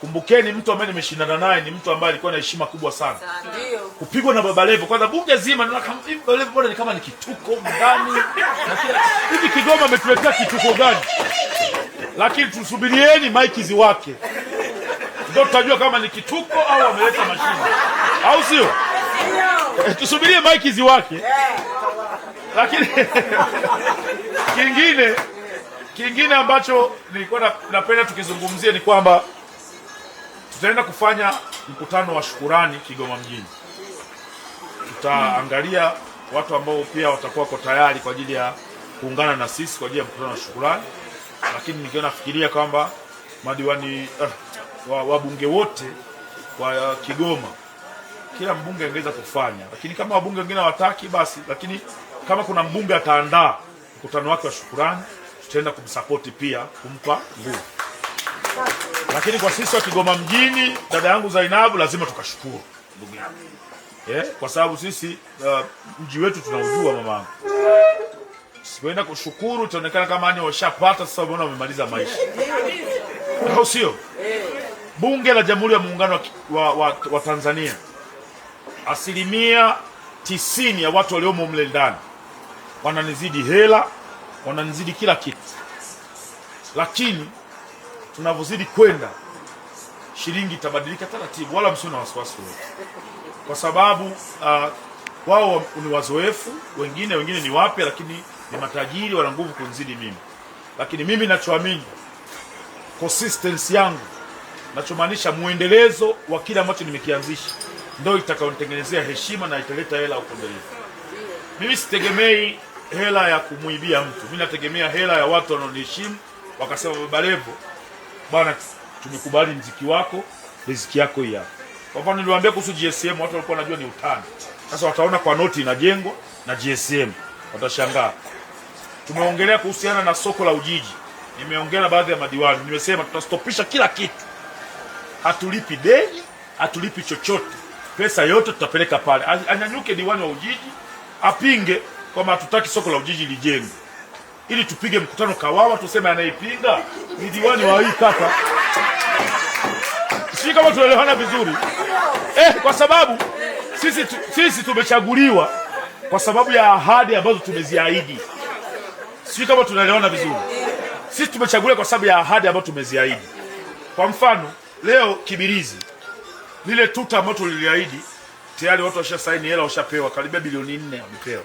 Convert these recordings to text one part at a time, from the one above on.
Kumbukeni, mtu ambaye nimeshindana naye ni mtu ambaye alikuwa na heshima kubwa sana, kupigwa na Baba Levo kwanza bunge zima. Baba Levo ni kama ni kituko ndani hivi. Kigoma ametuletea kituko gani? Lakini tusubirieni maiki ziwake, ndio tutajua kama ni kituko au ameleta mashine, au sio? E, tusubirie maiki ziwake. Eh. Lakini kingine kingine ambacho nilikuwa napenda tukizungumzie ni kwamba Tutaenda kufanya mkutano wa shukurani Kigoma mjini. Tutaangalia watu ambao pia watakuwa wako tayari kwa ajili ya kuungana na sisi kwa ajili ya mkutano wa shukurani, lakini nikiwa nafikiria kwamba madiwani eh, wabunge wote wa Kigoma kila mbunge angeweza kufanya, lakini kama wabunge wengine hawataki basi, lakini kama kuna mbunge ataandaa mkutano wake wa shukurani, tutaenda kumsapoti pia kumpa nguvu. Lakini kwa sisi wa Kigoma mjini, dada yangu Zainabu, lazima tukashukuru ndugu yangu eh, kwa sababu sisi uh, mji wetu tunaujua yangu. Sikwenda kushukuru itaonekana kama ni washapata sasa, umeona wamemaliza maisha, au sio? Eh. Bunge la Jamhuri ya Muungano wa, wa, wa Tanzania, asilimia tisini ya watu waliomo mle ndani wananizidi hela, wananizidi kila kitu, lakini tunavyozidi kwenda shilingi itabadilika taratibu, wala msio na wasiwasi wote, kwa sababu uh, wao ni wazoefu wengine, wengine ni wapya, lakini ni matajiri, wana nguvu kunizidi mimi. Lakini mimi nachoamini consistency yangu, nachomaanisha mwendelezo wa kile ambacho nimekianzisha, ndio itakayonitengenezea heshima na italeta hela huko mbele. Mimi sitegemei hela ya kumwibia mtu, mimi nategemea hela ya watu wanaoniheshimu wakasema, Baba Levo bwana, tumekubali mziki wako, riziki yako hii hapa. Kwa mfano niliwaambia kuhusu GSM, watu walikuwa wanajua ni utani. Sasa wataona kwa noti inajengwa na GSM, watashangaa. Tumeongelea kuhusiana na soko la Ujiji, nimeongelea baadhi ya madiwani, nimesema tutastopisha kila kitu, hatulipi deni, hatulipi chochote, pesa yote tutapeleka pale. Anyanyuke diwani wa Ujiji apinge kwamba hatutaki soko la Ujiji lijengwe ili tupige mkutano Kawawa, tuseme anaipinga ni diwani wa hii kata, si kama tunaelewana vizuri eh, kwa sababu sisi, tu, sisi tumechaguliwa kwa sababu ya ahadi ambazo tumeziahidi. Sijui kama tunaelewana vizuri. Sisi tumechaguliwa kwa sababu ya ahadi ambazo tumeziahidi. Kwa mfano leo Kibirizi, lile tuta ambalo tuliliahidi tayari watu washasaini hela, washapewa karibia bilioni nne wamepewa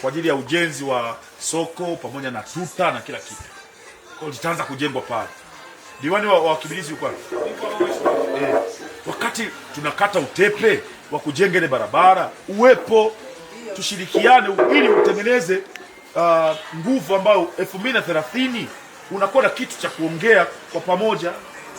kwa ajili ya ujenzi wa soko pamoja na tuta na kila kitu, kwa litaanza kujengwa pale. Diwani wa wakimbizi yuko wapi? Eh, wakati tunakata utepe wa kujenga ile barabara uwepo, tushirikiane ili utengeneze ah, nguvu uh, ambayo elfu unakuwa na kitu cha kuongea kwa pamoja.